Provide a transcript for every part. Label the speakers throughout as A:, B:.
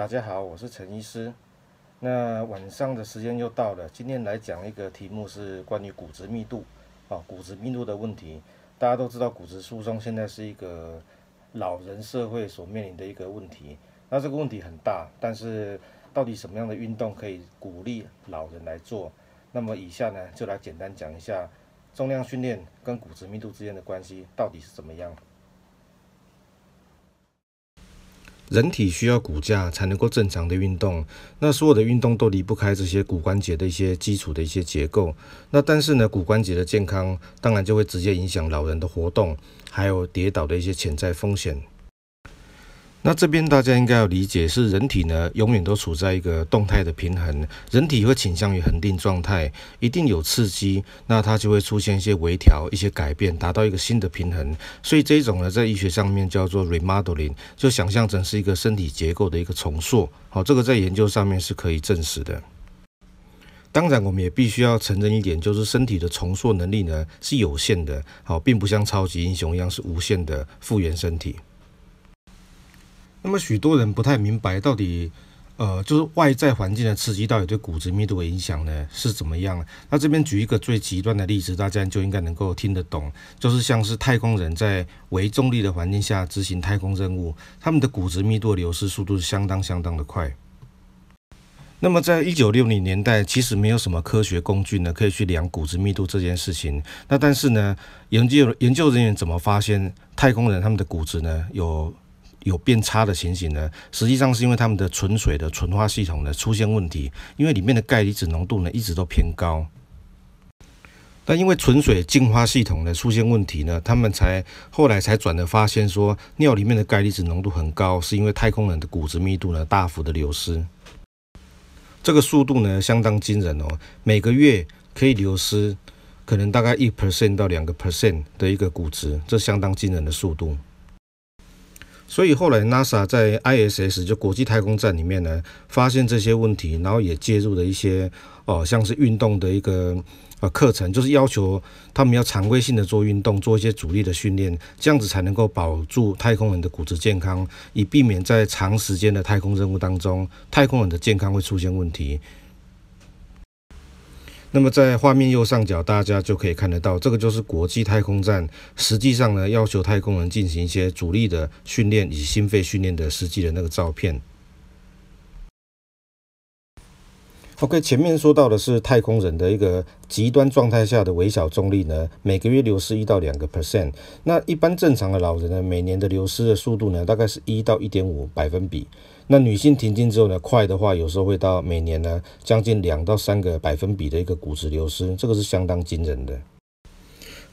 A: 大家好，我是陳醫師。那晚上的時間又到了，今天來講一個題目是關於骨質密度，啊，骨質密度的問題。大家都知道，骨質疏鬆現在是一個老人社會所面臨的一個問題。那這個問題很大，但是到底什麼樣的運動可以鼓勵老人來做？那麼以下呢，就來簡單講一下重量訓練跟骨質密度之間的關係到底是怎麼樣。人體需要骨架才能夠正常的運動，那所有的運動都離不開這些骨關節的一些基礎的一些結構。那但是呢，骨關節的健康當然就會直接影響老人的活動，還有跌倒的一些潛在風險。那這邊大家應該要理解，是人體呢永遠都處在一個動態的平衡，人體會傾向於恆定狀態，一定有刺激，那它就會出現一些微調、一些改變，達到一個新的平衡。所以這種呢，在醫學上面叫做 remodeling，就想象成是一個身體結構的一個重塑。好，這個在研究上面是可以證實的。當然，我們也必須要承認一點，就是身體的重塑能力呢是有限的。好，並不像超級英雄一樣是無限的復原身體。那麼許多人不太明白，到底，呃，就是外在環境的刺激到底對骨質密度的影響呢是怎麼樣？那這邊舉一個最極端的例子，大家就應該能夠聽得懂，就是像是太空人在微重力的環境下執行太空任務，他們的骨質密度的流失速度是相當相當的快。那麼在一九六零年代，其實沒有什麼科學工具呢可以去量骨質密度這件事情。那但是呢，研究研究人員怎麼發現太空人他們的骨質呢有？有變差的情形呢，實際上是因為他們的純水的純化系統呢出現問題，因為裡面的鈣離子濃度呢一直都偏高。但因為純水淨化系統呢出現問題呢，他們才後來才轉的發現說，尿裡面的鈣離子濃度很高，是因為太空人的骨質密度呢大幅的流失。這個速度呢相當驚人哦、喔，每個月可以流失可能大概一 percent 到兩個 percent 的一個骨質，這相當驚人的速度。所以後來 NASA 在 ISS 就國際太空站裡面呢，發現這些問題，然後也介入了一些哦，像是運動的一個呃課程，就是要求他們要常規性的做運動，做一些阻力的訓練，這樣子才能夠保住太空人的骨質健康，以避免在長時間的太空任務當中，太空人的健康會出現問題。那麼在畫面右上角，大家就可以看得到，這個就是國際太空站。實際上呢，要求太空人進行一些阻力的訓練以及心肺訓練的實際的那個照片。OK，前面說到的是太空人的一個極端狀態下的微小重力呢，每個月流失一到兩個 percent。那一般正常的老人呢，每年的流失的速度呢，大概是一到一點五百分比。那女性停經之後呢，快的話有時候會到每年呢將近兩到三個百分比的一個骨質流失，這個是相當驚人的。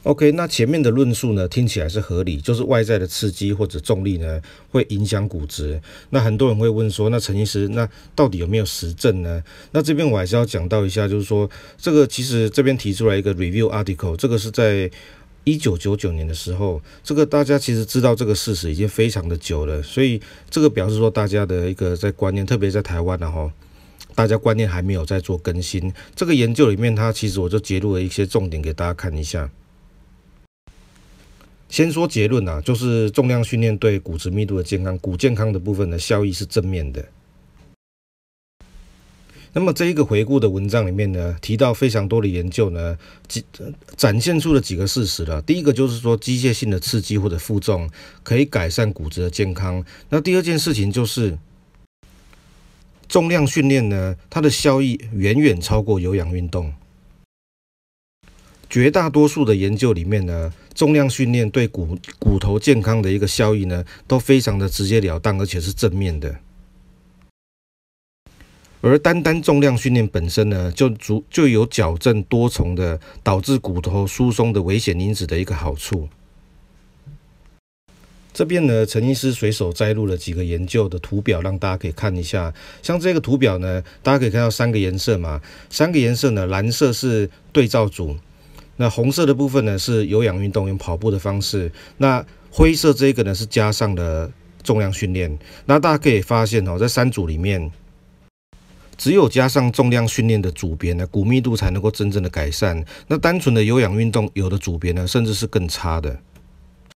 A: OK，那前面的論述呢聽起來是合理，就是外在的刺激或者重力呢會影響骨質。那很多人會問說，那陳醫師那到底有沒有實證呢？那這邊我還是要講到一下，就是說這個其實這邊提出來一個 review article，這個是在……一九九九年的時候，這個大家其實知道這個事實已經非常的久了，所以這個表示說大家的一個在觀念，特別在台灣的話，大家觀念還沒有在做更新。這個研究裡面，它其實我就揭露了一些重點給大家看一下。先說結論吶、啊，就是重量訓練對骨質密度的健康、骨健康的部分的效益是正面的。那麼這一個回顧的文章裡面呢，提到非常多的研究呢，幾展現出了幾個事實了。第一個就是說機械性的刺激或者負重可以改善骨質的健康。那第二件事情就是重量訓練呢，它的效益遠遠超過有氧運動。絕大多數的研究裡面呢，重量訓練對骨骨頭健康的一個效益呢，都非常的直截了當，而且是正面的。而單單重量訓練本身呢，就足就有矯正多重的導致骨頭疏鬆的危險因子的一個好處。這邊呢，陳醫師隨手摘錄了幾個研究的圖表，讓大家可以看一下。像這個圖表呢，大家可以看到三個顏色嘛，三個顏色呢，藍色是對照組，那紅色的部分呢，是有氧運動員跑步的方式，那灰色這個呢是加上了重量訓練。那大家可以發現哦，在三組裡面。只有加上重量訓練的組別呢，骨密度才能夠真正的改善。那單純的有氧運動，有的組別呢，甚至是更差的。